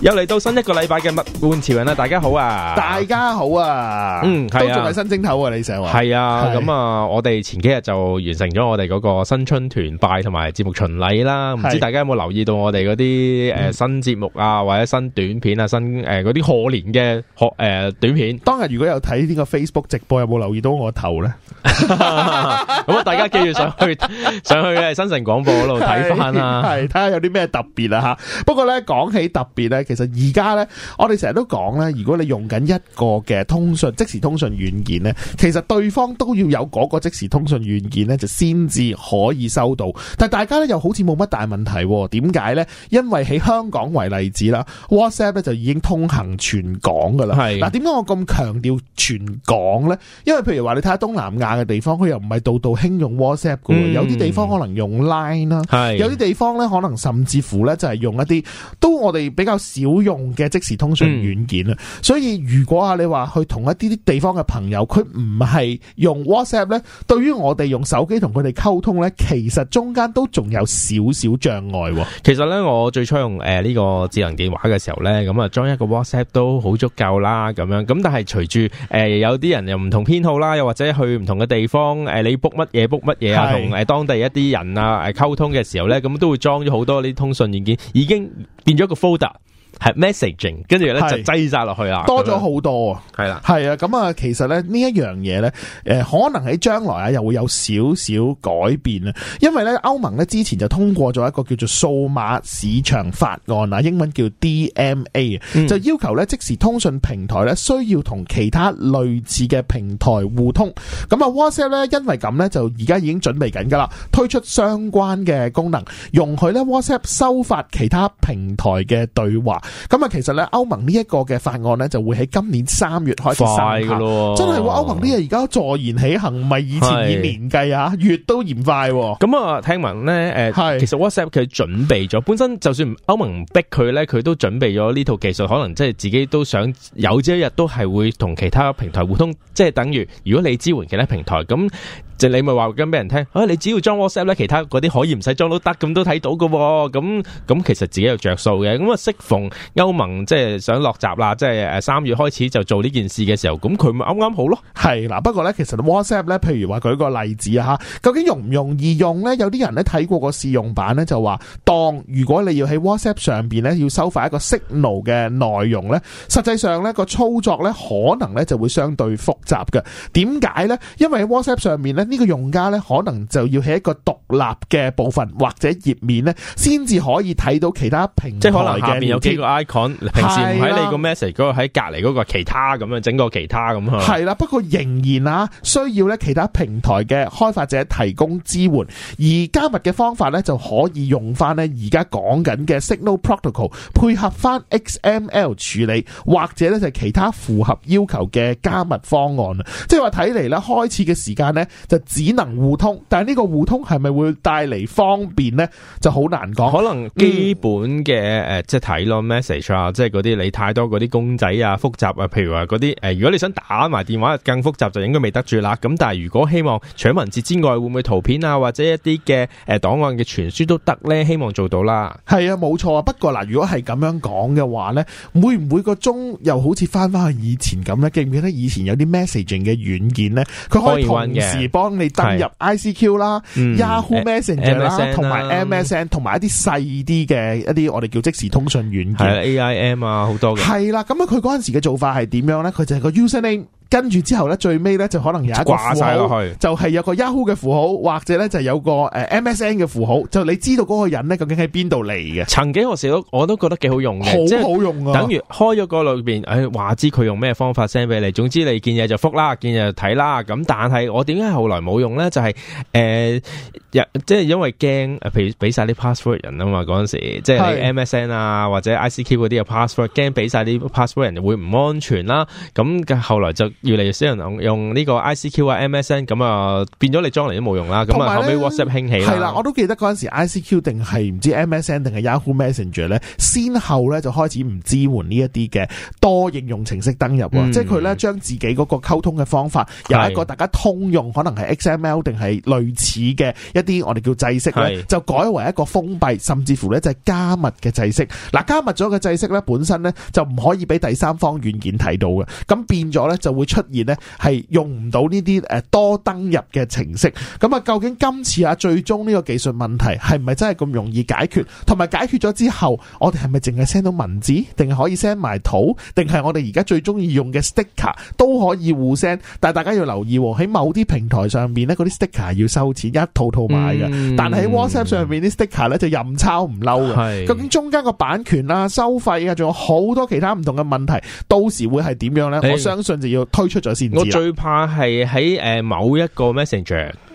又嚟到新一個禮拜嘅物玩潮人啦，大家好啊！大家好啊！嗯，啊、都仲係新正頭啊！你成日話，係啊，咁啊，啊，我哋前幾日就完成咗我哋嗰個新春團拜同埋節目巡禮啦。唔知大家有冇留意到我哋嗰啲誒新節目啊，或者新短片啊，新誒嗰啲賀年嘅誒、呃、短片？當日如果有睇呢個 Facebook 直播，有冇留意到我頭咧？咁啊，大家記住上去，上去新城廣播嗰度睇翻啦，係睇下有啲咩特別啊吓。不過咧，講起特別咧。其實而家呢，我哋成日都講呢。如果你用緊一個嘅通訊即時通訊軟件呢，其實對方都要有嗰個即時通訊軟件呢，就先至可以收到。但大家呢又好似冇乜大問題，啊，點解呢？因為喺香港為例子啦，WhatsApp 咧就已經通行全港㗎啦。係嗱，點解我咁強調全港呢？因為譬如話你睇下東南亞嘅地方，佢又唔係度度興用 WhatsApp 嘅，嗯，有啲地方可能用 Line 啦，有啲地方呢可能甚至乎呢就係用一啲都我哋比較少用嘅即時通訊軟件啦，嗯，所以如果啊，你話去同一啲啲地方嘅朋友，佢唔係用 WhatsApp 呢，對於我哋用手機同佢哋溝通呢，其實中間都仲有少少障礙。其實呢，我最初用誒呢個智能電話嘅時候呢，咁啊裝一個 WhatsApp 都好足夠啦，咁樣咁，但係隨住誒有啲人又唔同偏好啦，又或者去唔同嘅地方，誒你 book 乜嘢 book 乜嘢啊，同誒當地一啲人啊溝通嘅時候呢，咁都會裝咗好多啲通訊軟件，已經變咗一個 folder。係 Messaging，跟住咧，就擠晒落去啦，多咗好多啊，係啦，係啊，咁啊，其實咧，呢一樣嘢咧，誒，可能喺將來啊又會有少少改變啊，因為咧歐盟咧之前就通過咗一個叫做數碼市場法案啊，英文叫 DMA，就要求咧即時通訊平台咧需要同其他類似嘅平台互通，咁啊 WhatsApp 咧因為咁咧就而家已經準備緊噶啦，推出相關嘅功能，容許咧 WhatsApp 收發其他平台嘅對話。咁啊，其實咧歐盟呢一個嘅法案咧，就會喺今年三月開始生效。快嘅咯，真係話歐盟呢嘢而家坐言起行，唔係以前以年計啊，月都嫌快。咁啊，聽聞咧，誒，其實 WhatsApp 佢準備咗，本身就算歐盟唔逼佢咧，佢都準備咗呢套技術，可能即係自己都想有朝一日都係會同其他平台互通，即係等於如果你支援其他平台，咁係你咪話跟俾人聽，啊，哎，你只要裝 WhatsApp 咧，其他嗰啲可以唔使裝都得，咁都睇到嘅，咁咁其實自己有着數嘅，咁啊適逢。歐盟即係想落閘啦，即係誒三月開始就做呢件事嘅時候，咁佢咪啱啱好咯。係啦，不過呢，其實 WhatsApp 呢，譬如話舉個例子啊，究竟容唔容易用呢？有啲人呢睇過個試用版呢，就話當如果你要喺 WhatsApp 上邊呢，要收發一個 signal 嘅內容呢，實際上呢個操作呢，可能呢就會相對複雜嘅。點解呢？因為喺 WhatsApp 上面呢，呢、這個用家呢，可能就要喺一個獨立嘅部分或者頁面呢，先至可以睇到其他平台嘅。icon 平時唔喺你 message,、個 message 度喺隔離個其他咁樣，整個其他咁樣。係啦，不過仍然啊，需要咧其他平台嘅開發者提供支援，而加密嘅方法咧就可以用翻咧而家講緊嘅 Signal Protocol 配合翻 XML 處理，或者咧就其他符合要求嘅加密方案啊。即係話睇嚟咧，開始嘅時間咧就只能互通，但係呢個互通係咪會帶嚟方便咧，就好難講。可能基本嘅誒、嗯呃、即係睇咯咩？message 啊，即係嗰啲你太多嗰啲公仔啊，複雜啊，譬如話嗰啲誒，如果你想打埋電話更複雜，就應該未得住啦。咁但係如果希望除文字之外，會唔會圖片啊或者一啲嘅誒檔案嘅傳輸都得咧？希望做到啦。係啊，冇錯啊。不過嗱，如果係咁樣講嘅話咧，會唔會個鐘又好似翻翻去以前咁咧？記唔記得以前有啲 messaging 嘅軟件咧？佢可以同時幫你登入 ICQ 啦、嗯、Yahoo Messenger 啦、同、uh, 埋 MSN，同、啊、埋一啲細啲嘅一啲我哋叫即時通訊軟件。A I M 啊，好多嘅。係啦，咁樣，佢嗰陣時嘅做法係點樣咧？佢就係個 user name。跟住之後咧，最尾咧就可能有一個掛晒落去，就係、是、有個 Yahoo 嘅符號，或者咧就係、有個、呃、MSN 嘅符號，就你知道嗰個人咧究竟喺邊度嚟嘅。曾經我試到，我都覺得幾好用嘅，好好用啊！等於開咗個裏面，誒、哎、話知佢用咩方法 send 俾你。總之你見嘢就覆啦，見嘢就睇啦。咁但係我點解後來冇用咧？就係、是、誒、呃，即係因為驚，譬如俾晒啲 password 人啊嘛。嗰陣時即係 MSN 啊，或者 ICQ 嗰啲嘅 password，驚俾晒啲 password 人會唔安全啦。咁後來就。越嚟越少人用，ICQ、MSN，用呢個 ICQ 啊 MSN，咁啊變咗你裝嚟都冇用啦。咁啊後尾 WhatsApp 興起，係啦，我都記得嗰陣時 ICQ 定係唔知 MSN 定係 Yahoo Messenger 咧，先後咧就開始唔支援呢一啲嘅多應用程式登入。嗯、即係佢咧將自己嗰個溝通嘅方法由一個大家通用，可能係 XML 定係類似嘅一啲我哋叫制式咧，就改為一個封閉甚至乎咧就係加密嘅制式。嗱，加密咗嘅制式咧本身咧就唔可以俾第三方軟件睇到嘅，咁變咗咧就會。出現係用唔到呢啲多登入嘅程式，咁啊究竟今次啊最終呢個技術問題係唔係真係咁容易解決？同埋解決咗之後，我哋係咪淨係 send 到文字，定係可以 send 埋圖，定係我哋而家最中意用嘅 sticker 都可以互 send？但係大家要留意喎，喺某啲平台上面呢，嗰啲 sticker 要收錢一套套買嘅、嗯，但係喺 WhatsApp 上面啲 sticker 呢、嗯、就任抄唔嬲嘅。係究竟中間個版權啊、收費啊，仲有好多其他唔同嘅問題，到時會係點樣呢？我相信就要。推出咗先，我最怕係喺誒某一個 messenger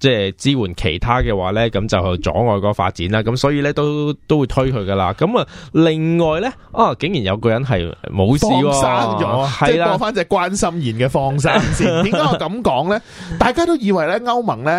即係支援其他嘅話咧，咁就去阻礙個發展啦。咁所以咧都都會推佢噶啦。咁啊，另外咧啊，竟然有個人係冇事放生咗，係係播翻隻關心妍嘅放生先。點 解我咁講咧？大家都以為咧歐盟咧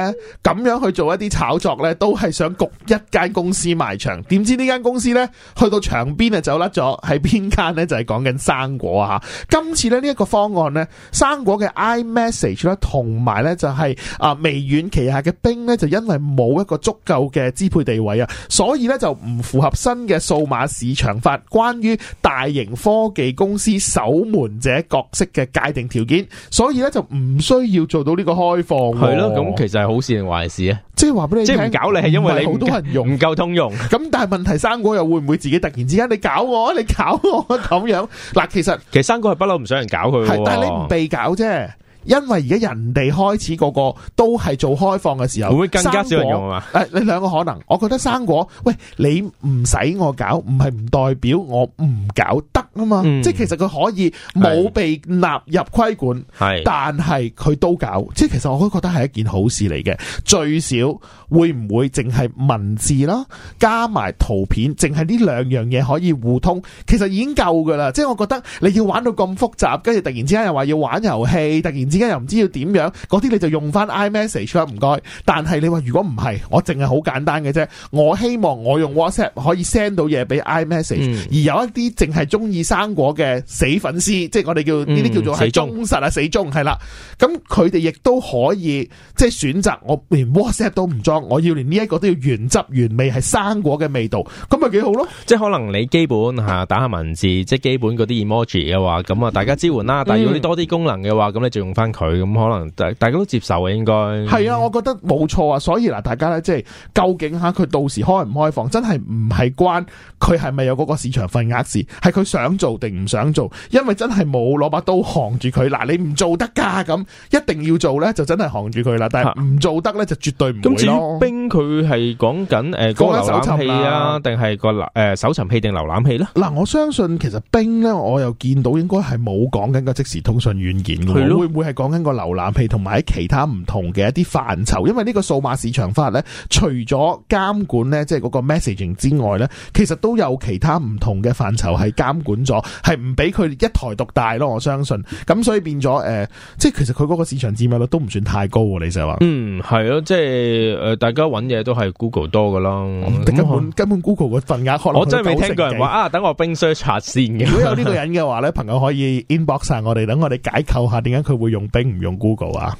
咁樣去做一啲炒作咧，都係想焗一間公司賣場。點知呢間公司咧去到場邊啊走甩咗，喺邊間咧？就係講緊生果嚇。今次咧呢一、這個方案咧，生果嘅 iMessage 啦，同埋咧就係、是、啊微軟其實。下嘅兵咧，就因為冇一個足夠嘅支配地位啊，所以咧就唔符合新嘅數碼市場法關於大型科技公司守門者角色嘅界定條件，所以咧就唔需要做到呢個開放。係咯，咁其實係好事定壞事咧？即係話俾你，即係唔搞你係因為你唔夠通用，唔夠通用。咁但係問題，生果又會唔會自己突然之間你搞我，你搞我咁樣？嗱，其實其實生果係不嬲唔想人搞佢，係但係你唔被搞啫。因為而家人哋開始個個都係做開放嘅時候，會更加少人用啊、 哎？你兩個可能，我覺得生果喂，你唔使我搞，唔係唔代表我唔搞得啊嘛。嗯、即係其實佢可以冇被納入規管，係，但係佢都搞。即係其實我都覺得係一件好事嚟嘅。最少會唔會淨係文字啦，加埋圖片，淨係呢兩樣嘢可以互通，其實已經夠噶啦。即係我覺得你要玩到咁複雜，跟住突然之間又話要玩遊戲，突然。而家又唔知要點樣，嗰啲你就用翻 iMessage 唔該。但係你話如果唔係，我淨係好簡單嘅啫。我希望我用 WhatsApp 可以 send 到嘢俾 iMessage，嗯、而有一啲淨係中意生果嘅死粉絲，即係我哋叫呢啲叫做係忠實啊、嗯、死忠，係啦。咁佢哋亦都可以即係選擇我連 WhatsApp 都唔裝，我要連呢一個都要原汁原味係生果嘅味道，咁咪幾好咯？即係可能你基本吓打下文字，即係基本嗰啲 emoji 嘅話咁啊大家支援啦。嗯、但係如果你多啲功能嘅話，咁你就用翻翻佢，咁可能大大家都接受嘅，應該係啊，我覺得冇錯啊，所以嗱，大家咧即係究竟吓佢到時開唔開放，真係唔係關佢係咪有嗰個市場份額事，係佢想做定唔想做，因為真係冇攞把刀扛住佢嗱，你唔做得噶，咁，一定要做咧就真係扛住佢啦，但係唔做得咧就絕對唔得。咁至於冰佢係講緊誒，個搜尋器啊，定係個誒，搜尋器定瀏覽器咧？嗱，我相信其實冰咧，我又見到應該係冇講緊個即時通訊軟件嘅，會會會係。講緊個瀏覽器同埋喺其他唔同嘅一啲範疇，因為呢個數碼市場法咧，除咗監管咧，即係嗰個 messaging 之外咧，其實都有其他唔同嘅範疇係監管咗，係唔俾佢一台獨大咯。我相信咁，所以變咗誒，即、呃、係其實佢嗰個市場占有率都唔算太高。你就話，嗯，係咯，即係誒、呃，大家揾嘢都係 Google 多噶啦、嗯，根本、嗯根本嗯、根本 Google 嘅份額，我真係未聽過人話啊。等我冰 search 先嘅， 如果有呢個人嘅話咧，朋友可以 inbox 晒我哋，等我哋解構下點解佢會用。用兵唔用 Google 啊！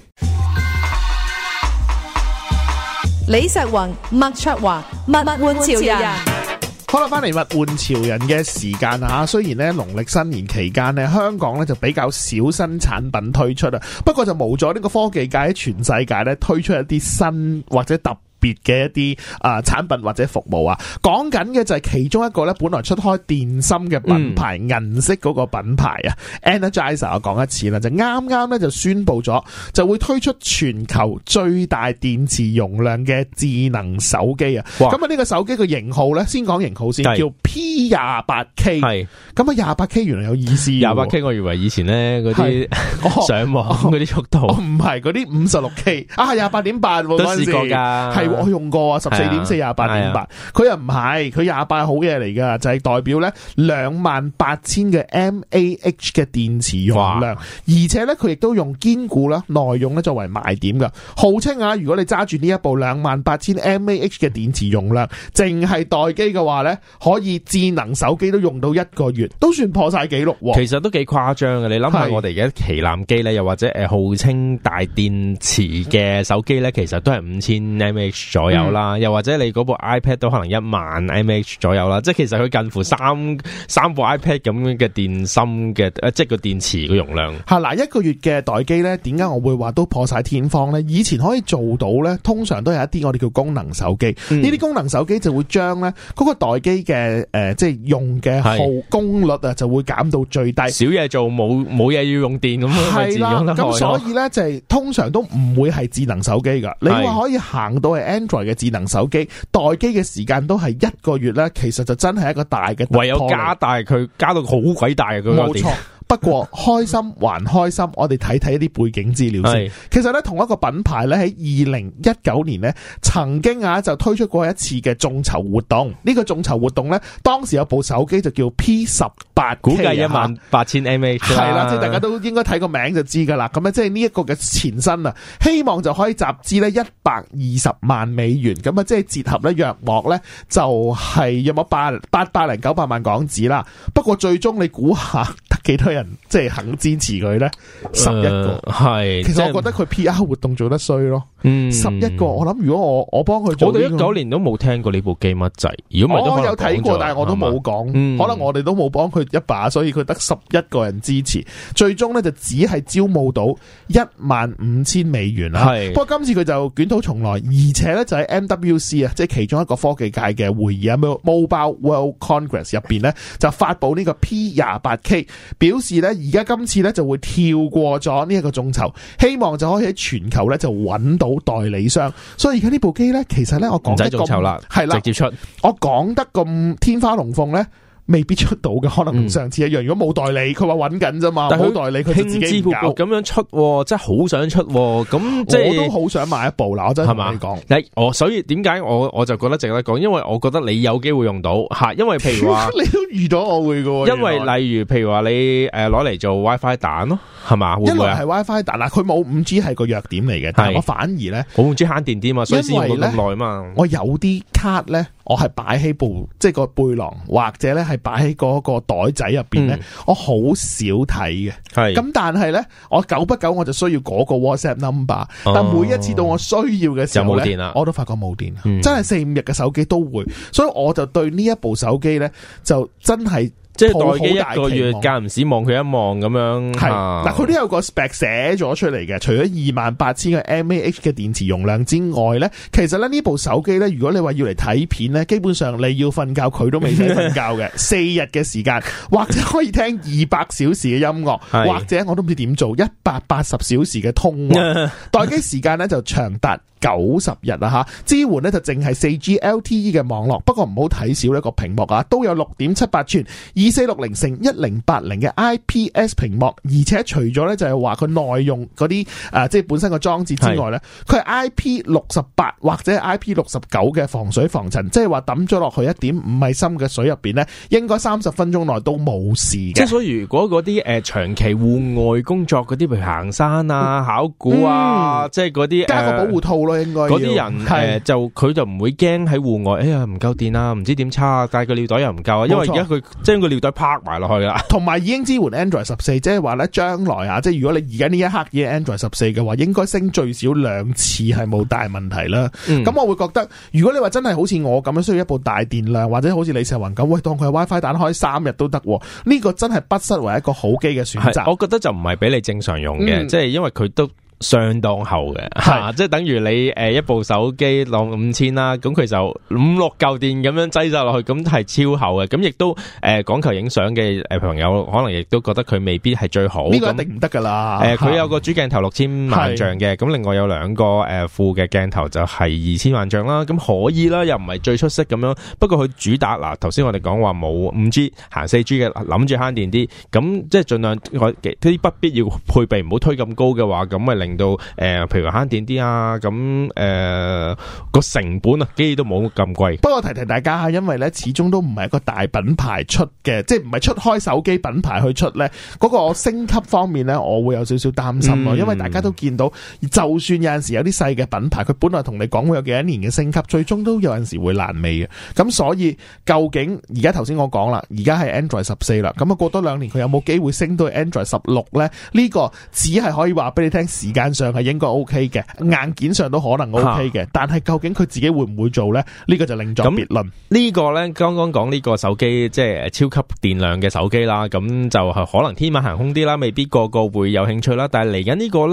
李石雲、麥卓華、物玩潮人，好啦，翻嚟物玩潮人嘅時間吓。雖然咧農曆新年期間咧，香港咧就比較少新產品推出啊，不過就冇咗呢個科技界喺全世界咧推出一啲新或者特別嘅一啲啊產品或者服務啊，講緊嘅就係其中一個咧，本來出開電芯嘅品牌銀、嗯、色嗰個品牌啊 Energizer 我講一次啦，就啱啱咧就宣布咗，就會推出全球最大電池容量嘅智能手機啊！咁啊，呢個手機嘅型號咧，先講型號先，叫 P 廿八 K。係咁啊，廿八 K 原來有意思。廿八 K 我以為以前咧嗰啲上網嗰啲速,、哦哦、速度，唔係嗰啲五十六 K 啊，廿八點八都試過噶，係。我用過啊，十四點四廿八點八，佢又唔係，佢廿八好嘢嚟㗎，就係、是、代表咧兩萬八千嘅 mAh 嘅電池容量，而且呢，佢亦都用堅固啦、耐用咧作為賣點㗎，號稱啊，如果你揸住呢一部兩萬八千 mAh 嘅電池容量，淨係待機嘅話呢，可以智能手機都用到一個月，都算破晒紀錄喎、啊。其實都幾誇張嘅，你諗下我哋嘅旗艦機呢，又或者誒、呃、號稱大電池嘅手機呢，其實都係五千 mAh。左右啦，又或者你嗰部 iPad 都可能一萬 mAh 左右啦，即係其實佢近乎三三部 iPad 咁樣嘅電芯嘅，即係個電池嘅容量。吓、嗯、嗱，一個月嘅待機咧，點解我會話都破晒天荒咧？以前可以做到咧，通常都係一啲我哋叫功能手機，呢、嗯、啲功能手機就會將咧嗰個待機嘅誒，即係用嘅耗功率啊，就會減到最低，少嘢做，冇冇嘢要用電咁樣，係啦，咁所以咧就係、是、通常都唔會係智能手機噶，你話可以行到 Android 嘅智能手機待機嘅時間都係一個月咧，其實就真係一個大嘅，唯有加大佢，加到好鬼大啊！佢、個電不過開心還開心，我哋睇睇一啲背景資料先。其實咧，同一個品牌咧喺二零一九年呢曾經啊就推出過一次嘅眾籌活動。呢個眾籌活動呢，當時有部手機就叫 P 十八，估計一萬八千 mAh。係啦，即係大家都應該睇個名就知噶啦。咁啊，即係呢一個嘅前身啊，希望就可以集資呢一百二十萬美元。咁啊，即係折合咧約莫呢就係約莫八八百零九百萬港紙啦。不過最終你估下得幾多人？即係肯支持佢呢？十一個係、呃。其實我覺得佢 P.R. 活動做得衰咯。嗯，十一個我諗，如果我我幫佢做，我哋一九年都冇聽過呢部機乜仔。如果我有睇過，但係我都冇講。可能我哋都冇幫佢一把，所以佢得十一個人支持。最終呢，就只係招募到一萬五千美元啦。係。不過今次佢就捲土重來，而且呢，就喺 MWC 啊，即係其中一個科技界嘅會議啊，Mobile World Congress 入邊呢，就發佈呢個 P 廿八 K 表示。而家今次咧就會跳過咗呢一個眾籌，希望就可以喺全球咧就揾到代理商。所以而家呢部機呢，其實呢我唔使眾籌啦，係啦，直接出。我講得咁天花龍鳳呢，未必出到嘅，可能同上次一樣。如果冇代理，佢話搵緊啫嘛。但係冇代理，佢就自己唔搞。咁樣出，真係好想出。咁即係我都好想買一部喇，我真係同你講。你我所以點解我我就覺得值得講，因為我覺得你有機會用到吓。因為譬如話，你都預咗我會嘅。因為例如譬如話你誒攞嚟做 WiFi 蛋咯，係嘛？因為係 WiFi 蛋嗱，佢冇五 G 係個弱點嚟嘅，但係我反而咧，我五 G 慳電啲嘛，所以先用咗咁耐嘛。我有啲卡咧。我係擺喺部即係個背囊，或者咧係擺喺嗰個袋仔入邊咧，嗯、我好少睇嘅。係咁，但係咧，我久不久我就需要嗰個 WhatsApp number，哦。但每一次到我需要嘅時候啦，我都發覺冇電，嗯、真係四五日嘅手機都會，所以我就對呢一部手機咧，就真係。即係待機一個月間，間唔使望佢一望咁樣。係、嗯，但佢都有個 spec 寫咗出嚟嘅。除咗二萬八千個 mAh 嘅電池容量之外咧，其實咧呢部手機咧，如果你話要嚟睇片咧，基本上你要瞓覺佢都未使瞓覺嘅。四日嘅時間，或者可以聽二百小時嘅音樂， 或者我都唔知點做一百八十小時嘅通話。待 機時間咧就長達九十日啊，吓支援咧就淨係 4G LTE 嘅網絡，不過唔好睇少呢個屏幕啊，都有六點七八寸，二四六零乘一零八零嘅 IPS 屏幕，而且除咗咧就係話佢耐用嗰啲誒，即係本身個裝置之外咧，佢係 IP 六十八或者 IP 六十九嘅防水防塵，即係話抌咗落去一點五米深嘅水入邊咧，應該三十分鐘內都冇事嘅。即係所以如果嗰啲誒長期戶外工作嗰啲，譬如行山啊、考古啊，嗯、即係嗰啲，加個保護套咯。Uh, 嗰啲人係、欸，就佢就唔會驚喺戶外，哎呀，唔夠電啊，唔知點叉，帶個尿袋又唔夠啊，因為而家佢將個尿袋拍埋落去啦，同埋已經支援 Android 十四，即係話咧將來啊，即、就、係、是、如果你而家呢一刻用 Android 十四嘅話，應該升最少兩次係冇大問題啦。咁、嗯、我會覺得，如果你話真係好似我咁樣需要一部大電量，或者好似李世雲咁，喂，當佢 WiFi 打開三日都得，呢、這個真係不失為一個好機嘅選擇。我覺得就唔係俾你正常用嘅，即、嗯、係因為佢都。相當厚嘅，吓、啊，即係等於你誒、呃、一部手機浪五千啦，咁佢就五六舊電咁樣擠晒落去，咁係超厚嘅，咁亦都誒講求影相嘅誒朋友，可能亦都覺得佢未必係最好，呢、這個一定唔得噶啦。誒、啊，佢、呃、有個主鏡頭六千萬像嘅，咁另外有兩個誒、呃、副嘅鏡頭就係二千萬像啦，咁可以啦，又唔係最出色咁樣，不過佢主打嗱，頭先我哋講話冇五 G 行四 G 嘅，諗住慳電啲，咁即係盡量我啲不必要配備唔好推咁高嘅話，咁啊到誒，譬如話慳電啲啊，咁誒個成本啊，機都冇咁貴。不過提提大家，因為咧始終都唔係一個大品牌出嘅，即係唔係出開手機品牌去出咧，嗰個升級方面咧，我會有少少擔心咯。因為大家都見到，就算有陣時有啲細嘅品牌，佢本來同你講會有幾多年嘅升級，最終都有陣時會爛尾嘅。咁所以究竟而家頭先我講啦，而家係 Android 十四啦，咁啊過多兩年佢有冇機會升到 Android 十六咧？呢個只係可以話俾你聽時間。上係應該 OK 嘅，硬件上都可能 OK 嘅，但係究竟佢自己會唔會做咧？呢個就另作別論。呢個咧，剛剛講呢個手機，即係超級電量嘅手機啦，咁就可能天馬行空啲啦，未必個個會有興趣啦。但係嚟緊呢個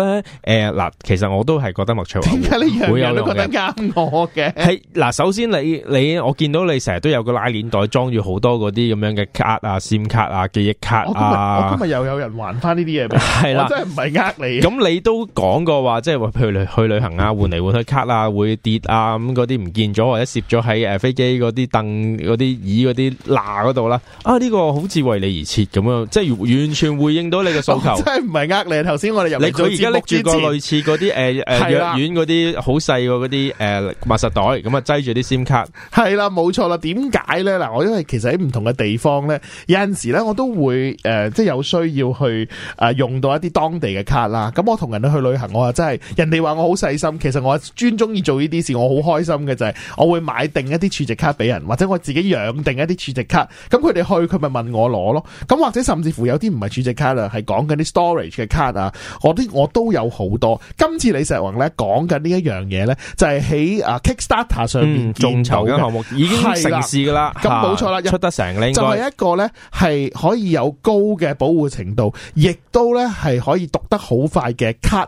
咧，誒嗱，其實我都係覺得莫翠華，點解呢樣你會有覺得呃我嘅？係嗱，首先你你我見到你成日都有個拉鏈袋裝住好多嗰啲咁樣嘅卡啊、閃卡啊、記憶卡啊。今日又有人還翻呢啲嘢，係我真係唔係呃你。咁你都。講過話，即係話，譬如去旅行啊，換嚟換去卡啊，會跌啊，咁嗰啲唔見咗，或者攝咗喺誒飛機嗰啲凳、嗰啲椅、嗰啲罅嗰度啦。啊，呢、這個好似為你而設咁樣，即係完全回應到你嘅訴求。我真係唔係呃你。頭先我哋入你佢而家拎住個類似嗰啲誒藥丸嗰啲好細嗰啲誒密實袋，咁啊擠住啲 SIM 卡。係啦，冇錯啦。點解咧？嗱，我因為其實喺唔同嘅地方咧，有陣時咧，我都會誒、呃，即係有需要去誒用到一啲當地嘅卡啦。咁我同人去。去旅行我啊真係人哋話我好細心，其實我專中意做呢啲事，我好開心嘅就係、是、我會買定一啲儲值卡俾人，或者我自己養定一啲儲值卡。咁佢哋去佢咪問我攞咯。咁或者甚至乎有啲唔係儲值卡啦，係講緊啲 storage 嘅卡啊。我啲我都有好多。今次李石宏咧講緊呢一樣嘢咧，就係喺啊 Kickstarter 上面眾籌項目已經成事噶啦。咁冇錯啦，出得成咧就係、是、一個咧係可以有高嘅保護程度，亦都咧係可以讀得好快嘅卡。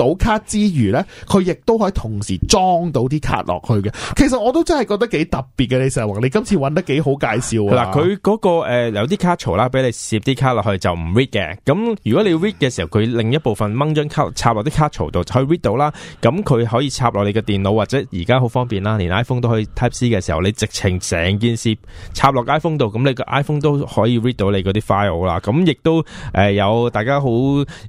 賭卡之餘呢，佢亦都可以同時裝到啲卡落去嘅。其實我都真係覺得幾特別嘅。你成日話你今次揾得幾好介紹啊！佢嗰、那個誒、呃、有啲卡槽啦，俾你攝啲卡落去就唔 read 嘅。咁如果你 read 嘅時候，佢另一部分掹張卡插落啲卡槽度就可以 read 到啦。咁佢可以插落你嘅電腦或者而家好方便啦，連 iPhone 都可以 type C 嘅時候，你直情成件事插落 iPhone 度，咁你個 iPhone 都可以 read 到你嗰啲 file 啦。咁亦都誒、呃、有大家好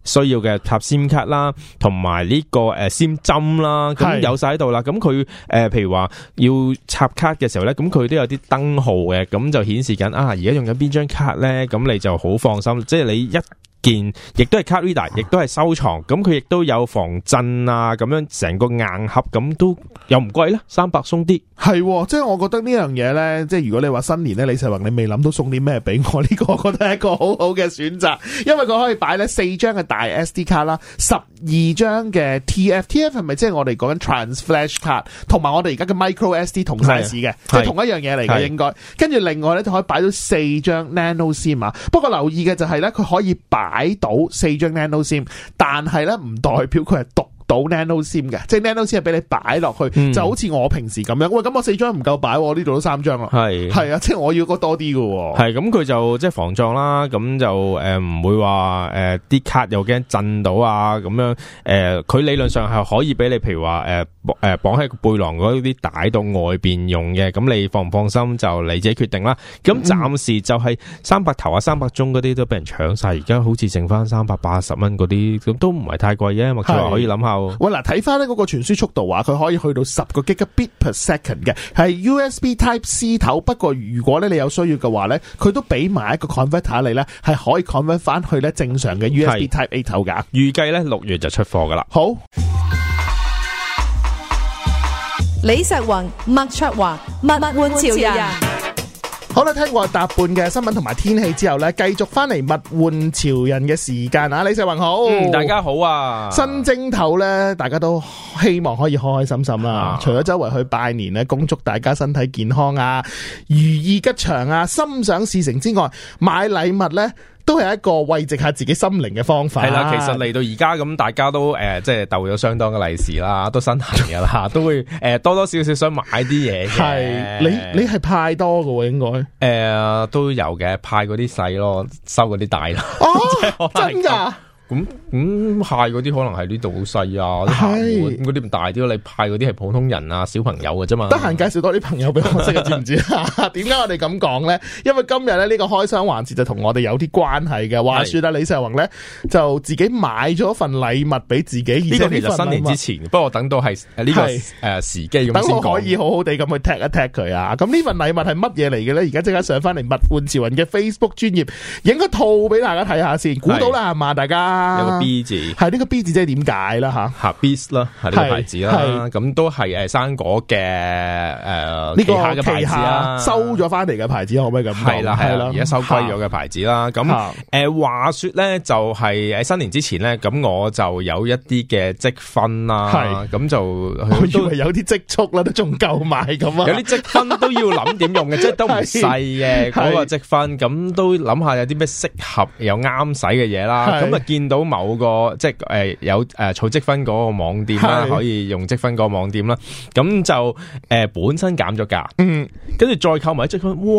需要嘅插 SIM 卡啦，同。.埋呢個 SIM 針啦，咁有晒喺度啦。咁佢誒，譬如話要插卡嘅時候咧，咁佢都有啲燈號嘅，咁就顯示緊啊。而家用緊邊張卡咧，咁你就好放心。即係你一件，亦都係 card reader，亦都係收藏。咁佢亦都有防震啊，咁樣成個硬盒咁都又唔貴啦，三百鬆啲。係，即係我覺得呢樣嘢呢，即係如果你話新年呢，李世宏你未諗到送啲咩俾我呢個，我覺得係一個好好嘅選擇，因為佢可以擺呢四張嘅大 SD 卡啦，十二張嘅 TF，TF 係咪即係我哋講緊 TransFlash 卡，同埋我哋而家嘅 MicroSD 同 size 嘅，即係同一樣嘢嚟嘅應該。跟住另外呢，就可以擺到四張 Nano SIM，不過留意嘅就係呢，佢可以擺到四張 Nano SIM，但係呢，唔代表佢係讀。到 nano sim 嘅，即係 nano sim 係俾你擺落去，嗯、就好似我平時咁樣。喂，咁我四張唔夠擺，我呢度都三張啦。係係啊，即係我要多啲嘅。係咁，佢就即係防撞啦，咁就誒唔、呃、會話誒啲卡又驚震到啊咁樣。誒、呃，佢理論上係可以俾你，譬如話誒誒綁喺背囊嗰啲帶到外邊用嘅。咁你放唔放心就你自己決定啦。咁暫時就係三百頭啊，三百鐘嗰啲都俾人搶晒，而、嗯、家好似剩翻三百八十蚊嗰啲，咁都唔係太貴嘅，或者可以諗下。喂，嗱，睇翻呢個傳輸速度啊，佢可以去到十個 g bit per second 嘅，係 USB Type C 頭，不過如果咧你有需要嘅話咧，佢都俾埋一個 convert 你咧，係可以 convert 翻去咧正常嘅 USB Type A 頭噶。預計咧六月就出貨噶啦。好，李石雲、麥卓華、物玩潮人。好啦，聽過搭半嘅新聞同埋天氣之後呢，繼續翻嚟物玩潮人嘅時間啊！李世宏好，嗯，大家好啊！新正頭呢，大家都希望可以開開心心啦，啊啊。除咗周圍去拜年呢，恭祝大家身體健康啊，如意吉祥啊，心想事成之外，買禮物呢。都係一個慰藉下自己心靈嘅方法。係啦，其實嚟到而家咁，大家都誒、呃，即係逗咗相當嘅利是啦，都身痕噶啦，都會誒、呃、多多少少想買啲嘢。係你你係派多嘅喎，應該誒、呃、都有嘅，派嗰啲細咯，收嗰啲大咯。哦， 真噶。咁咁派嗰啲可能係度好細啊，係嗰啲唔大啲你派嗰啲係普通人啊，小朋友嘅啫嘛。得閒介紹多啲朋友俾我識啊！點 解我哋咁講咧因為今日咧呢個開心環節就同我哋有啲關係嘅。話說啦，李世宏咧就自己買咗份禮物俾自己，呢、這個、其實新年之前，啊、不過等到係呢個誒時機，等我可以好好地咁去踢一踢佢啊！咁呢份禮物係乜嘢嚟嘅咧而家即刻上翻嚟麥冠潮雲嘅 Facebook 專業，影個套俾大家睇下先，估到啦係嘛，大家。有個 B 字，係呢、這個 B 字即係點解啦吓？吓，B 字啦，係呢個牌子啦，咁都係誒生果嘅誒，其、呃、他、這個、牌子啦，收咗翻嚟嘅牌子可唔可以咁講？係啦，係啦，而家收歸咗嘅牌子啦。咁、啊、誒、啊啊，話說咧、就是，就係喺新年之前咧，咁我就有一啲嘅積分啦，咁就我以為有啲積蓄啦，蓄都仲夠買咁啊，有啲積分都要諗點用嘅，即 係都唔細嘅嗰個積分，咁都諗下有啲咩適合又啱使嘅嘢啦。咁啊見。到某個即係誒、呃、有誒儲積分嗰個網店啦，可以用積分個網店啦，咁就誒、呃、本身減咗價，嗯，跟住再購埋積分，哇！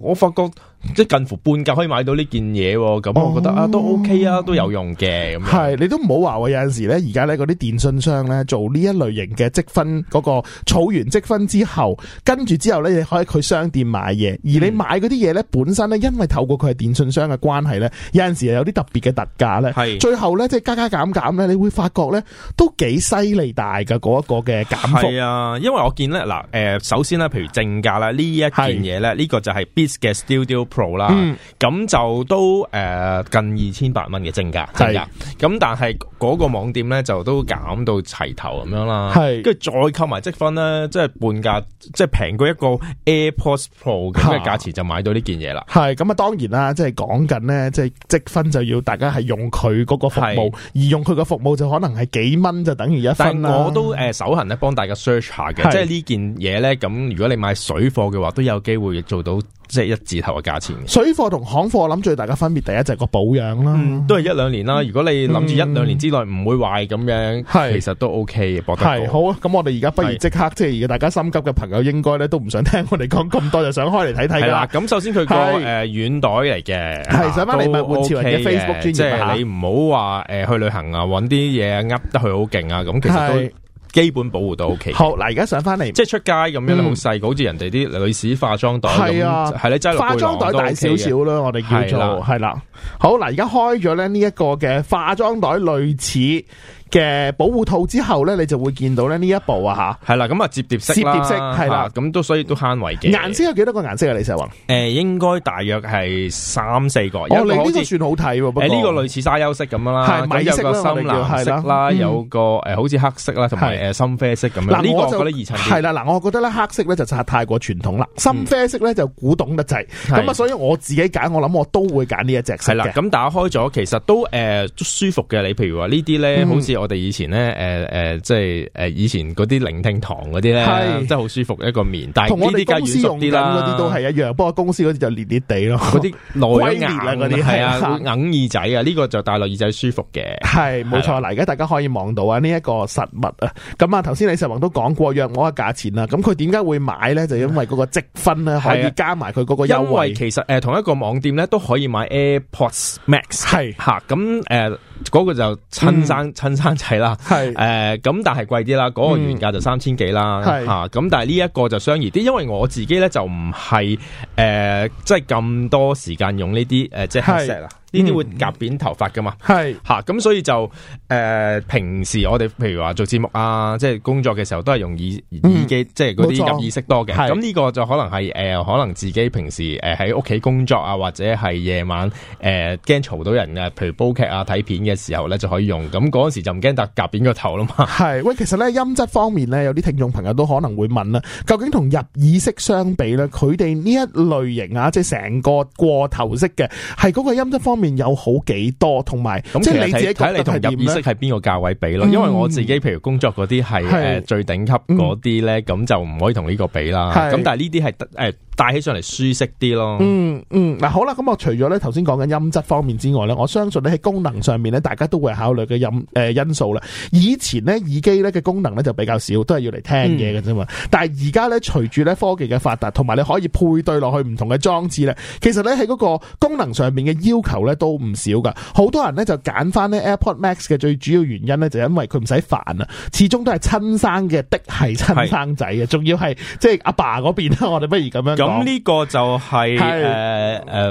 我發覺。即係近乎半價可以買到呢件嘢，咁我覺得、oh. 啊都 OK 啊，都有用嘅。係你都唔好話我有陣時咧，而家咧嗰啲電信商咧做呢一類型嘅積分嗰、嗰個儲完積分之後，跟住之後咧你可以去商店買嘢，而你買嗰啲嘢咧本身咧因為透過佢係電信商嘅關係咧，有陣時又有啲特別嘅特價咧，係最後咧即係加加減減咧，你會發覺咧都幾犀利大嘅嗰一個嘅減。係啊，因為我見咧嗱，誒，首先咧，譬如正價啦呢一件嘢咧，呢、呢個就係 Beats 嘅 Studio。Pro、嗯、啦，咁就都誒、呃、近二千八蚊嘅正價，係啊，咁但係嗰個網店咧就都減到齊頭咁樣啦，係，跟住再扣埋積分咧，即係半價，即係平過一個 AirPods Pro 咁嘅價錢、啊、就買到呢件嘢啦，係，咁啊當然啦，即係講緊咧，即係積分就要大家係用佢嗰個服務，而用佢個服務就可能係幾蚊就等於一分啦。我都誒、呃、手痕咧幫大家 search 下嘅，即係呢件嘢咧，咁如果你買水貨嘅話，都有機會做到。即、就、係、是、一字頭嘅價錢，水貨同行貨我諗最大嘅分別第一就係個保養啦、嗯，都係一兩年啦。如果你諗住一兩年之內唔會壞咁樣，係、嗯、其實都 OK 嘅，博得係好啊。咁我哋而家不如即刻，即係而家大家心急嘅朋友，應該咧都唔想聽我哋講咁多， 就想開嚟睇睇啦。咁首先佢個誒軟袋嚟嘅，係、啊、想幫禮物換潮人或者 Facebook 專頁、啊，即、就、係、是、你唔好話誒去旅行啊，揾啲嘢呃得佢好勁啊，咁其實都。基本保護到 k、OK、好嗱，而家上翻嚟，即係出街咁樣、嗯、好細好似人哋啲女士化妝袋，係啊，係咧、OK，化妝袋大少少啦，我哋叫做，係啦、啊啊啊，好嗱，而家開咗咧呢一個嘅化妝袋類似嘅保護套之後咧，你就會見到咧呢一部啊吓，係啦咁啊摺疊式摺疊式，係啦咁都所以都慳位嘅。顏色有幾多個顏色啊？李石宏誒應該大約係三四個。我哋呢個算好睇喎、啊，誒呢、呃呢個類似沙丘色咁樣米色啦，有個深藍色啦，有個誒、嗯呃、好似黑色啦，同埋誒深啡色咁樣。嗱、呢個、我，我就嗰啲二層係啦。嗱，我覺得咧黑色咧就太過傳統啦、嗯，深啡色咧就古董得滯。咁啊，所以我自己揀，我諗我都會揀呢一隻。係啦，咁打開咗其實都誒、呃、舒服嘅。你譬如話呢啲咧，好、嗯、似。我哋以前咧，誒、呃、誒、呃，即係誒，以前嗰啲聆聽堂嗰啲咧，真係好舒服一個面，但同我啲公司用啲啲都係一樣，不過公司嗰啲就裂裂地咯，嗰啲耐裂嗰啲係啊，硬耳仔啊，呢個就戴落耳仔舒服嘅，係冇錯。嗱，而家大家可以望到啊，呢、這、一個實物啊，咁啊，頭先李世宏都講過，約我嘅價錢啦，咁佢點解會買咧？就因為嗰個積分咧可以加埋佢嗰個優惠，因為其實誒，同一個網店咧都可以買 AirPods Max，係吓，咁誒。嗰、那個就親生親、嗯、生仔啦，係誒，咁、呃、但係貴啲啦，嗰、那個原價就三千幾啦，吓、嗯，咁、啊、但係呢一個就相宜啲，因為我自己咧就唔係誒，即係咁多時間用呢啲誒，即、呃、係黑色啦。呢啲會夾扁頭髮噶嘛？係吓咁，嗯啊、所以就誒、呃、平時我哋譬如話做節目啊，即係工作嘅時候都係用耳耳機，即係嗰啲入耳式多嘅。咁呢個就可能係誒、呃、可能自己平時誒喺屋企工作啊，或者係夜晚誒驚嘈到人嘅，譬如煲劇啊睇片嘅時候咧就可以用。咁嗰陣時就唔驚得夾扁個頭啦嘛。係喂，其實咧音質方面咧，有啲聽眾朋友都可能會問啦，究竟同入耳式相比咧，佢哋呢一類型啊，即係成個過頭式嘅，係嗰個音質方面？面有好幾多，同埋即係你自己睇你同入意識係邊個價位比咯，嗯，因為我自己譬如工作嗰啲係誒最頂級嗰啲咧，咁、嗯、就唔可以同呢個比啦。咁但係呢啲係得誒。呃帶起上嚟舒適啲咯，嗯，嗯嗯，嗱好啦，咁我除咗咧頭先講緊音質方面之外咧，我相信咧喺功能上面咧，大家都會考慮嘅音誒因素啦。以前咧耳機咧嘅功能咧就比較少，都係要嚟聽嘢嘅啫嘛。但係而家咧隨住咧科技嘅發達，同埋你可以配對落去唔同嘅裝置咧，其實咧喺嗰個功能上面嘅要求咧都唔少噶。好多人咧就揀翻咧 AirPod Max 嘅最主要原因咧就因為佢唔使煩啦，始終都係親生嘅，的係親生仔嘅，仲要係即係阿爸嗰邊啦，我哋不如咁樣。咁呢、嗯嗯、個就係誒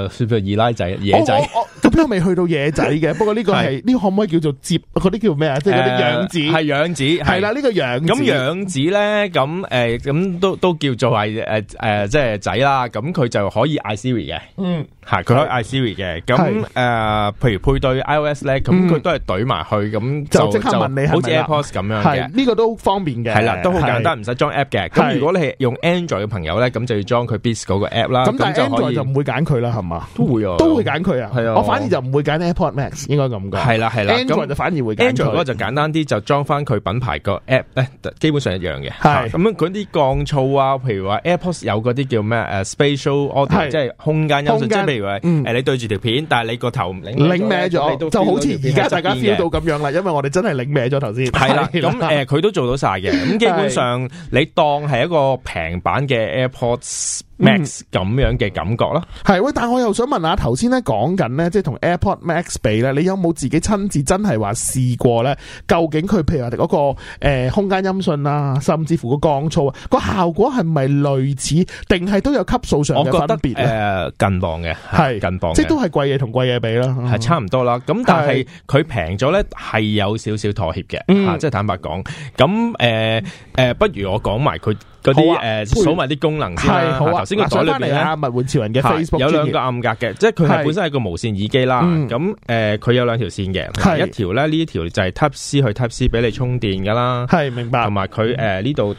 誒，叫二奶仔野仔。我我我咁都未去到野仔嘅。不過呢個係呢 可唔可以叫做接嗰啲叫咩啊？即係嗰啲養子。係養、呃、子。係啦，嗯、呢個養。咁養子咧，咁誒，咁都都叫做係誒誒，即係仔啦。咁佢就可以嗌 Siri 嘅。嗯。係佢可以 iSiri 嘅，咁誒、呃，譬如配對 iOS 咧，咁、嗯、佢都係懟埋去，咁就即刻問你係咪好似 AirPods 咁樣嘅，呢、呢個都方便嘅，係啦，都好簡單，唔使裝 app 嘅。咁如果你係用 Android 嘅朋友咧，咁就要裝佢 Beats 嗰個 app 啦。咁但係 Android 就唔會揀佢啦，係嘛？都會、啊，都會揀佢啊？係啊，啊，我反而就唔會揀 AirPod Max，應該咁講。係啦係啦 Android 就反而會。Android 嗰個就簡單啲，就裝翻佢品牌個 app 咧，基本上一樣嘅。係咁嗰啲降噪啊，譬如話 AirPods 有嗰啲叫咩誒、uh,，Spatial Audio，即係空間音。例如喂，誒你對住條片，但係你個頭擰歪咗，就好似而家大家 feel 到咁樣啦，因為我哋真係擰歪咗頭先。係啦，咁誒佢都做到晒嘅，咁基本上你當係一個平板嘅 AirPods。Max 咁樣嘅感覺啦，係喂，但係我又想問下，頭先咧講緊咧，即係同 AirPods Max 比咧，你有冇自己親自真係話試過咧？究竟佢譬如話嗰、那個誒、呃、空間音訊啊，甚至乎個降噪啊，個效果係咪類似，定係都有級數上嘅分別咧、呃？近磅嘅係近磅，即係都係貴嘢同貴嘢比啦，係、嗯、差唔多啦。咁但係佢平咗咧，係有少少妥協嘅，即係坦白講。咁誒誒，不如我講埋佢。嗰啲誒，數埋啲功能先啦。頭先個袋裏邊咧，物玩潮人嘅 Facebook 有兩個暗格嘅，即係佢係本身係個無線耳機啦。咁誒，佢有兩條線嘅，一條咧呢一條就係 Type C 去 Type C 俾你充電噶啦。係，明白。同埋佢誒呢度。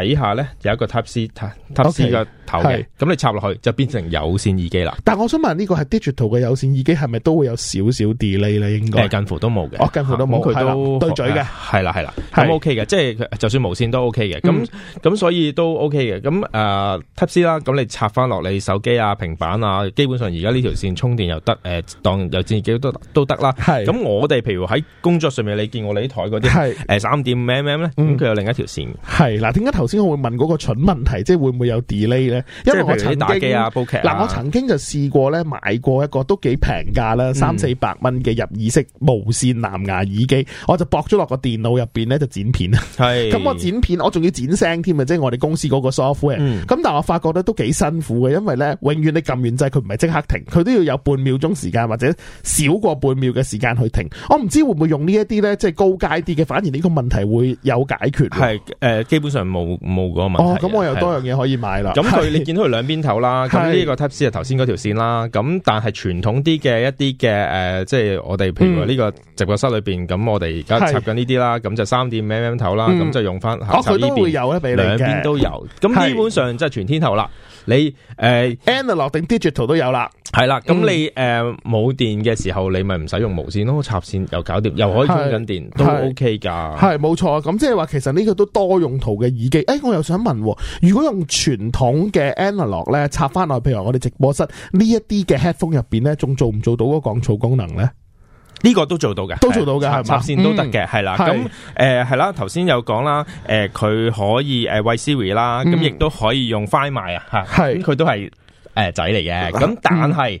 底下咧有一個 Type C Type C 嘅頭嘅，咁、okay，你插落去就變成有線耳機啦。但我想問呢、呢個係 digital 嘅有線耳機係咪都會有少少 delay 咧？應、嗯、該近乎都冇嘅，我、哦、近乎都冇，佢、啊、都對嘴嘅，係啦係啦，咁 OK 嘅，即係就算無線都 OK 嘅，咁、嗯、咁所以都 OK 嘅，咁、呃、Type C 啦，咁你插翻落你手機啊、平板啊，基本上而家呢條線充電又得，誒、呃、當有線耳機都都得啦。咁，我哋譬如喺工作上面，你見我哋啲台嗰啲係三點五 mm 咧，咁、嗯、佢、嗯、有另一條線，係嗱點解頭？頭先會問嗰個蠢問題，即係會唔會有 delay 咧？因為我曾經嗱、打機啊、煲劇啊，我曾經就試過咧買過一個都幾平價啦，三四百蚊嘅入耳式、嗯、無線藍牙耳機，我就駁咗落個電腦入面咧就剪片係咁，我剪片我仲要剪聲添啊，即係我哋公司嗰個 software、嗯。咁但係我發覺咧都幾辛苦嘅，因為咧永遠你撳完掣佢唔係即刻停，佢都要有半秒鐘時間或者少過半秒嘅時間去停。我唔知會唔會用呢一啲咧，即係高階啲嘅，反而呢個問題會有解決。係、呃、基本上冇。冇嗰個問題。咁、哦、我又多樣嘢可以買啦。咁佢你見到佢兩邊頭啦，咁呢個 type C 就頭先嗰條線啦。咁但係傳統啲嘅一啲嘅誒，即係我哋譬如話呢個直播室裏邊，咁、嗯、我哋而家插緊呢啲啦，咁就三點 mm 頭啦，咁、嗯、就用翻。佢、哦、都會有咧比嘅。兩邊都有，咁基本上即係全天候啦。你誒、呃、analog 定 digital 都有啦。係啦，咁你誒冇、嗯、呃、電嘅時候，你咪唔使用無線咯，插線又搞掂，又可以充緊電，都 OK 噶。係冇錯，咁即係話其實呢個都多用途嘅耳機。誒、欸，我又想問，如果用傳統嘅 Analog 咧插翻落，譬如我哋直播室呢一啲嘅 Headphone 入邊咧，仲做唔做到嗰降噪功能咧？呢、呢個都做到嘅，都做到嘅係嘛？插線都得嘅，係、嗯、啦。咁誒係啦，頭先有講啦，誒、呃、佢可以誒喂、呃、Siri 啦，咁亦都可以用 Find My 啊吓，係佢、嗯、都係。誒、呃，仔嚟嘅，咁但係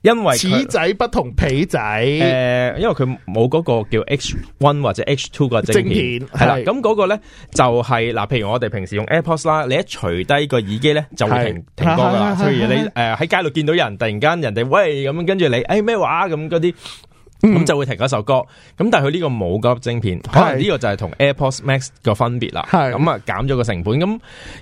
因為此、嗯、仔不同彼仔，誒、呃，因為佢冇嗰個叫 H one 或者 H two 嗰隻片，係啦，咁嗰個咧就係、是、嗱，譬如我哋平時用 AirPods 啦，你一除低個耳機咧就會停停歌噶啦， 所以你誒喺街度見到人突然間人哋喂咁，跟住你誒咩、哎、話咁嗰啲。那那咁、嗯、就會停一首歌，咁但係佢呢個冇個晶片，可能呢個就係同 AirPods Max 個分別啦。係咁啊，減咗個成本，咁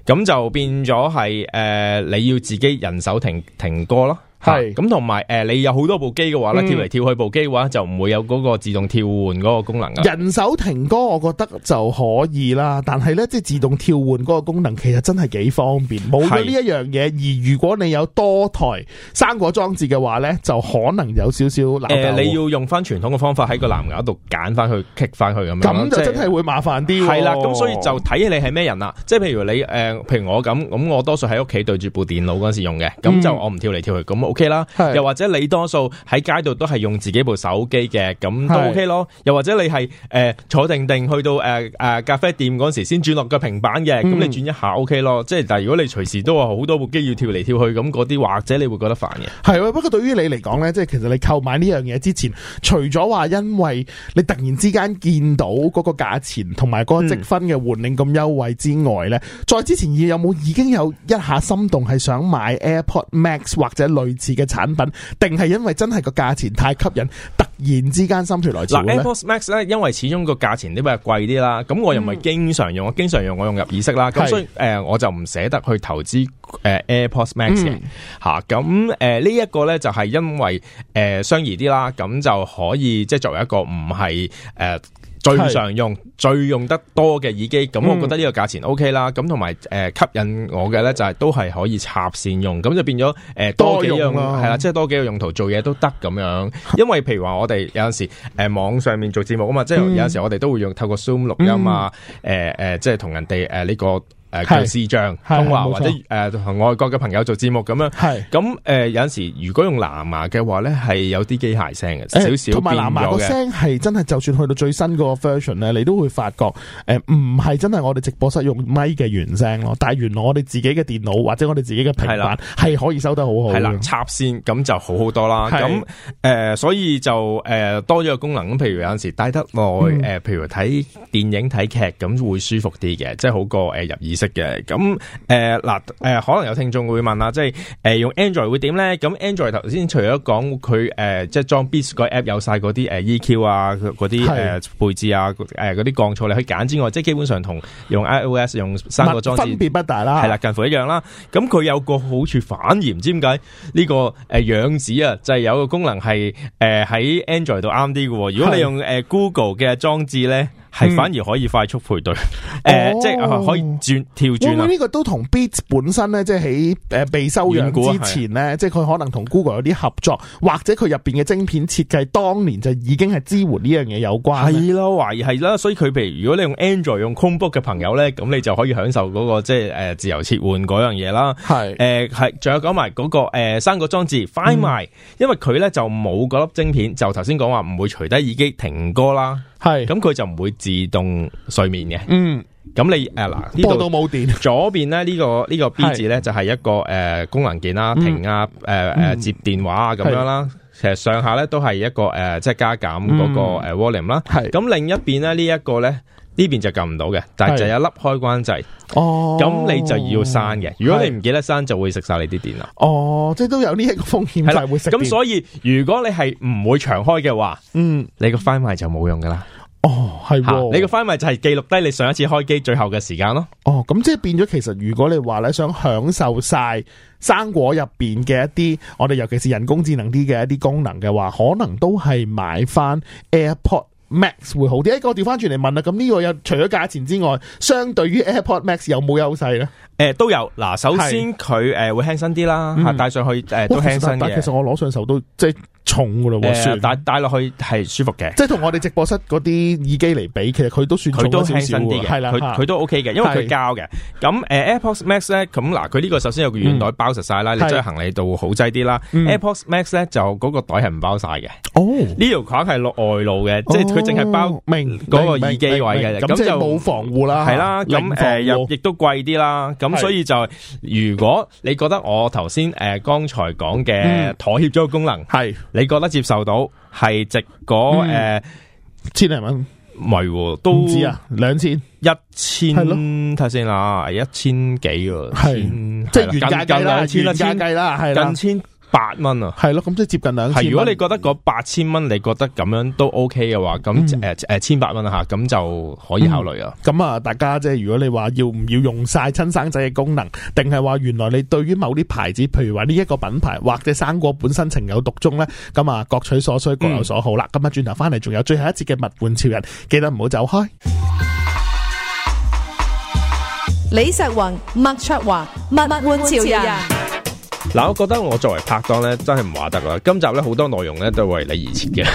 咁就變咗係誒，你要自己人手停停歌咯。係咁同埋誒，你有好多部機嘅話咧，跳嚟跳去部機嘅話、嗯、就唔會有嗰個自動跳換嗰個功能啊。人手停歌我覺得就可以啦，但係咧即係自動跳換嗰個功能其實真係幾方便，冇咗呢一樣嘢。而如果你有多台生果裝置嘅話咧，就可能有少少難誒、呃，你要用翻傳統嘅方法喺個藍牙度揀翻去 kick 返翻去咁樣。咁就真係會麻煩啲，啊。係、啊、啦，咁所以就睇你係咩人啦。即、啊、係譬如你誒、呃，譬如我咁，咁我多數喺屋企對住部電腦嗰陣時用嘅，咁就我唔跳嚟跳去，咁、嗯 O K 啦，又或者你多數喺街度都係用自己部手機嘅，咁都 O K 咯。又或者你係誒、呃、坐定定去到誒誒、呃、咖啡店嗰時先轉落個平板嘅，咁你轉一下 O K 咯。即、嗯、係但係如果你隨時都話好多部機要跳嚟跳去，咁嗰啲或者你會覺得煩嘅。係啊，不過對於你嚟講呢，即係其實你購買呢樣嘢之前，除咗話因為你突然之間見到嗰個價錢同埋個積分嘅換領咁優惠之外呢，嗯、再之前要有冇已經有一下心動係想買 AirPod Max 或者類？次嘅產品，定係因為真係個價錢太吸引，突然之間心血來潮 AirPods Max 咧，因為始終個價錢比較貴啲啦，咁、嗯、我又唔係經常用，我經常用我用入耳式啦，咁所以誒我就唔捨得去投資誒 AirPods Max 吓、嗯啊，咁誒呢一個咧就係因為誒相宜啲啦，咁、呃、就可以即係作為一個唔係誒。呃最常用、最用得多嘅耳機，咁我覺得呢個價錢 OK 啦。咁同埋誒吸引我嘅咧，就係都係可以插線用，咁就變咗誒、呃、多幾樣咯，係啦，即係、啊，就是、多幾個用途做嘢都得咁樣。因為譬如話我哋有陣時誒、呃、網上面做節目啊嘛、嗯，即係有陣時我哋都會用透過 Zoom 錄音啊，誒、嗯、誒、呃呃，即係同人哋誒呢個。誒，視像通話或者誒同、呃、外國嘅朋友做節目咁樣，咁誒、呃、有陣時候如果用藍牙嘅話咧，係有啲機械聲嘅、欸，少少變咗嘅。同埋藍牙個聲係真係，就算去到最新個 version 咧，你都會發覺誒，唔、呃、係真係我哋直播室用咪嘅原聲咯。但係原來我哋自己嘅電腦或者我哋自己嘅平板係可以收得好好，係啦，插綫咁就好好多啦。咁誒、呃，所以就誒、呃、多咗個功能。咁譬如有陣時帶得耐誒、嗯呃，譬如睇電影睇劇咁會舒服啲嘅，即係好過誒入耳。嘅咁誒嗱誒可能有聽眾會問啦，即係誒、呃、用 Android 會點咧？咁 Android 頭先除咗講佢誒即係裝 Beats 個 App 有晒嗰啲誒 EQ 啊嗰啲誒配置啊誒嗰啲降噪你去揀之外，即係基本上同用 iOS 用三個裝置分別不大啦，係啦，近乎一樣啦。咁佢有個好處反而唔知點解呢個誒、呃、樣子啊，就係、是、有個功能係誒喺 Android 度啱啲嘅。如果你用誒 Google 嘅裝置咧。係反而可以快速配對，誒、嗯呃，即係可以轉、哦、跳轉、啊。呢個都同 Beat 本身咧、就是，即係喺誒被收養之前咧，即係佢可能同 Google 有啲合作，或者佢入邊嘅晶片設計當年就已經係支援呢樣嘢有關？係咯，懷疑係啦。所以佢譬如如果你用 Android 用 Chromebook 嘅朋友咧，咁你就可以享受嗰、那個即係誒、呃、自由切換嗰樣嘢啦。係誒係，仲、呃、有講埋嗰個誒三個裝置，fine，、嗯、因為佢咧就冇嗰粒晶片，就頭先講話唔會除低耳機停歌啦。係，咁佢就唔會自動睡眠嘅。嗯，咁你誒嗱呢度都冇電左邊咧呢、這個呢、這個 B 字咧就係、是、一個誒、呃、功能鍵啦，停啊，誒、嗯、誒、呃、接電話啊咁樣啦。其實上下咧都係一個誒、呃、即係加減嗰個誒 volume 啦、嗯。係、啊，咁另一邊咧呢一、這個咧。呢邊就撳唔到嘅，但係就有一粒開關掣。哦，咁你就要刪嘅、哦。如果你唔記得刪，就會食晒你啲電啦。哦，即係都有呢一個風險係啦，會食。咁所以如果你係唔會長開嘅話，嗯，你個 Find My 就冇用噶啦。哦，係。你個 Find My 就係記錄低你上一次開機最後嘅時間咯。哦，咁即係變咗，其實如果你話你想享受晒生果入邊嘅一啲，我哋尤其是人工智能啲嘅一啲功能嘅話，可能都係買翻 AirPod。Max 會好啲，一個調翻轉嚟問啦，咁呢個又除咗價錢之外，相對於 AirPods Max 有冇優勢咧？誒、呃，都有嗱。首先佢誒會輕身啲啦，戴上去誒都輕身啲。嗯、實但其實我攞上手都即係重噶咯，帶帶落去係舒服嘅。即係同我哋直播室嗰啲耳機嚟比，其實佢都算重少啲嘅。係啦，佢都 OK 嘅，因為佢膠嘅。咁誒、嗯、AirPods Max 咧，咁嗱，佢呢個首先有個軟袋包實晒啦，你裝行李度好擠啲啦。嗯、AirPods Max 咧就嗰個袋係唔包晒嘅。哦，呢條框係外露嘅，哦，即係佢淨係包嗰個耳機位嘅。咁就冇防護啦，係啦。咁誒又亦都貴啲啦。咁所以就如果你覺得我頭先誒剛才講嘅、呃、妥協咗個功能係、嗯，你覺得接受到係值嗰誒、嗯呃、千零蚊？唔係，都唔知啊，兩千一千係睇先啦，一千幾啊，係即係近近兩千計啦，近千。八蚊啊，係、嗯、咯，咁即係接近兩千。如果你覺得個八千蚊，你覺得咁樣都 OK 嘅話，咁誒誒千八蚊吓，咁、嗯呃、就可以考慮啊。咁、嗯、啊，大家即係如果你話要唔要用晒親生仔嘅功能，定係話原來你對於某啲牌子，譬如話呢一個品牌或者生果本身情有獨鍾呢？咁啊各取所需，各有所好、嗯、啦。咁啊，轉頭翻嚟仲有最後一節嘅物玩潮人，記得唔好走開。李石雲、麥卓華，物玩潮人。嗱、啊，我覺得我作為拍檔咧，真係唔話得啦。今集咧，好多內容咧都為你而設嘅、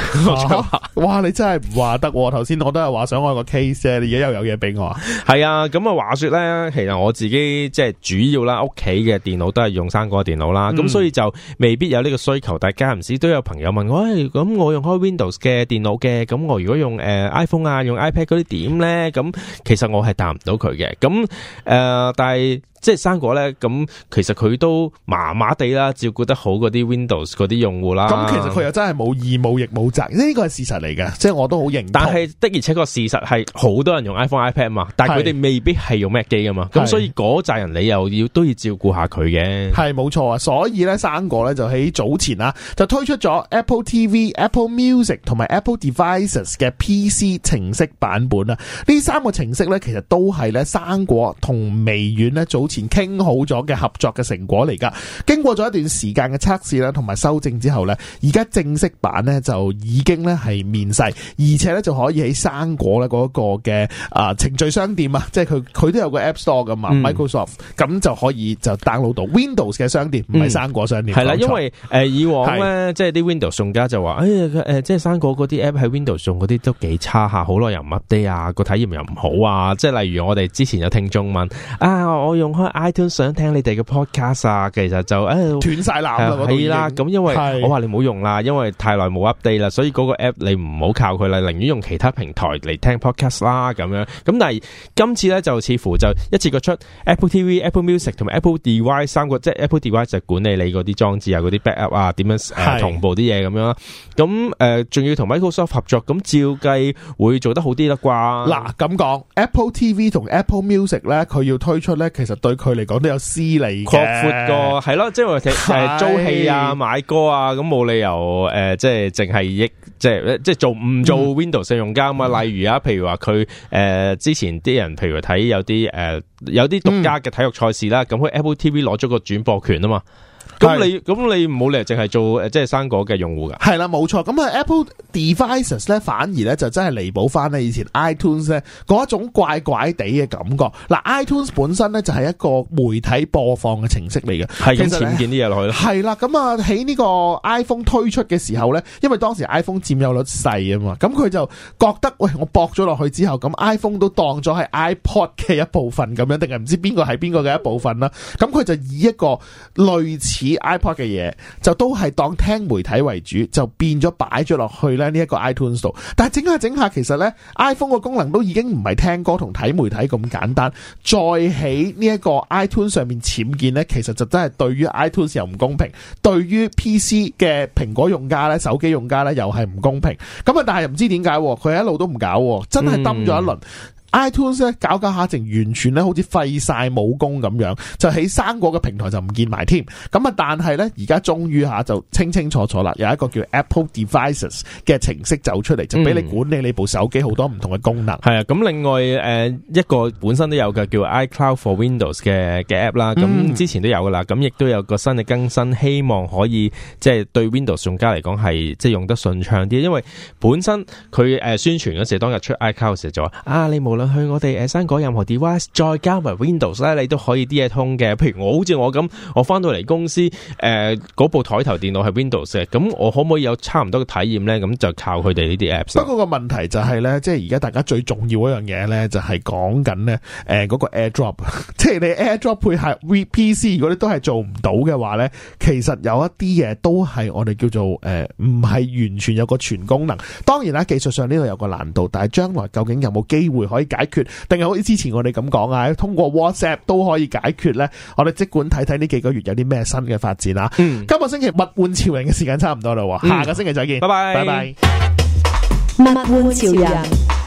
啊 啊。哇，你真係唔話得！頭先我都係話想開個 case，你而家又有嘢俾我。係啊，咁啊，話說咧，其實我自己即係主要啦，屋企嘅電腦都係用生果電腦啦。咁、嗯、所以就未必有呢個需求。但間唔時都有朋友問我：，咁、哎、我用開 Windows 嘅電腦嘅，咁我如果用誒、呃、iPhone 啊，用 iPad 嗰啲點咧？咁其實我係答唔到佢嘅。咁誒、呃，但係。即係生果咧，咁其實佢都麻麻地啦，照顧得好嗰啲 Windows 嗰啲用戶啦。咁其實佢又真係冇義務亦冇責，呢個係事實嚟嘅。即係我都好認同。但係的而且確事實係好多人用 iPhone、iPad 嘛，但係佢哋未必係用 Mac 機噶嘛。咁所以嗰紮人你又要都要照顧下佢嘅。係冇錯啊，所以咧生果咧就喺早前啦，就推出咗 Apple TV、Apple Music 同埋 Apple Devices 嘅 PC 程式版本啊，呢三個程式咧其實都係咧生果同微軟咧早。前傾好咗嘅合作嘅成果嚟噶，經過咗一段時間嘅測試啦，同埋修正之後咧，而家正式版咧就已經咧係面世，而且咧就可以喺生果咧嗰個嘅啊程序商店啊，即係佢佢都有個 App Store 噶嘛，Microsoft 咁、嗯、就可以就 download 到 Windows 嘅商店，唔係生果商店。係、嗯、啦，因為以往咧，即係啲 Windows 商家就話誒、哎、即係生果嗰啲 App 喺 Windows 上嗰啲都幾差下，好耐又唔 update 啊，個體驗又唔好啊，即係例如我哋之前有聽中文啊，我用。喺 iTunes 想聽你哋嘅 podcast 啊，其實就誒斷晒纜啦，係啦。咁因為我話你冇用啦，因為太耐冇 update 啦，所以嗰個 app 你唔好靠佢啦，寧願用其他平台嚟聽 podcast 啦。咁樣咁，但係今次咧就似乎就一次過出 Apple TV、Apple Music 同埋 Apple Devices 三個，即係 Apple Devices 就管理你嗰啲裝置啊、嗰啲 backup 啊、點樣誒同步啲嘢咁樣啦。咁誒，仲要同 Microsoft 合作，咁照計會做得好啲啦啩？嗱，咁講 Apple TV 同 Apple Music 咧，佢要推出咧，其實對。對佢嚟講都有私利嘅，擴闊過，係咯，即係誒、呃、租戲啊、買歌啊，咁冇理由誒、呃，即係淨係益，即係即係做唔做 Windows 用家咁、嗯、例如啊，譬如話佢誒，之前啲人譬如睇有啲誒、呃，有啲獨家嘅體育賽事啦，咁、嗯、佢 Apple TV 攞咗個轉播權啊嘛。咁你咁你冇理由淨係做誒，即係生果嘅用戶噶？係啦，冇錯。咁啊，Apple Devices 咧，反而咧就真係彌補翻咧以前 iTunes 咧嗰種怪怪地嘅感覺。嗱，iTunes 本身咧就係、是、一個媒體播放嘅程式嚟嘅，係咁潛見啲嘢落去。係啦，咁啊，喺呢個 iPhone 推出嘅時候咧，因為當時 iPhone 佔有率細啊嘛，咁佢就覺得喂，我搏咗落去之後，咁 iPhone 都當咗係 iPod 嘅一部分咁樣，定係唔知邊個係邊個嘅一部分啦？咁佢就以一個類似。以 iPod 嘅嘢就都係當聽媒體為主，就變咗擺咗落去咧呢一個 iTunes 度。但係整一下整一下，其實呢 iPhone 嘅功能都已經唔係聽歌同睇媒體咁簡單。再喺呢一個 iTunes 上面僭建呢，其實就真係對於 iTunes 又唔公平，對於 PC 嘅蘋果用家呢、手機用家呢又係唔公平。咁啊，但係又唔知點解佢一路都唔搞，真係蹲咗一輪。嗯 iTunes 咧搞搞下，成完全咧好似廢晒武功咁樣，就喺生果嘅平台就唔見埋添。咁啊，但係咧而家終於吓就清清楚楚啦，有一個叫 Apple Devices 嘅程式走出嚟，就俾你管理你部手機好多唔同嘅功能。係、嗯、啊，咁另外誒一個本身都有嘅叫 iCloud for Windows 嘅嘅 app 啦、嗯，咁之前都有噶啦，咁亦都有個新嘅更新，希望可以即係、就是、對 Windows 用家嚟講係即係用得順暢啲，因為本身佢誒宣傳時當日出 iCloud 時就話啊，你冇。去我哋誒生果任何 device，再加埋 Windows 咧，你都可以啲嘢通嘅。譬如我好似我咁，我翻到嚟公司，誒嗰部枱頭電腦係 Windows 嘅，咁我可唔可以有差唔多嘅體驗咧？咁就靠佢哋呢啲 Apps。不過個問題就係咧，即係而家大家最重要一樣嘢咧，就係講緊咧，誒嗰個 AirDrop，即係你 AirDrop 配合 VPC，如果你都係做唔到嘅話咧，其實有一啲嘢都係我哋叫做誒唔係完全有個全功能。當然啦，技術上呢度有個難度，但係將來究竟有冇機會可以？解決，定係好似之前我哋咁講啊，通過 WhatsApp 都可以解決呢？我哋即管睇睇呢幾個月有啲咩新嘅發展啊。嗯，今個星期物換潮人嘅時間差唔多啦，嗯，下個星期再見，拜拜，拜拜。物玩潮人。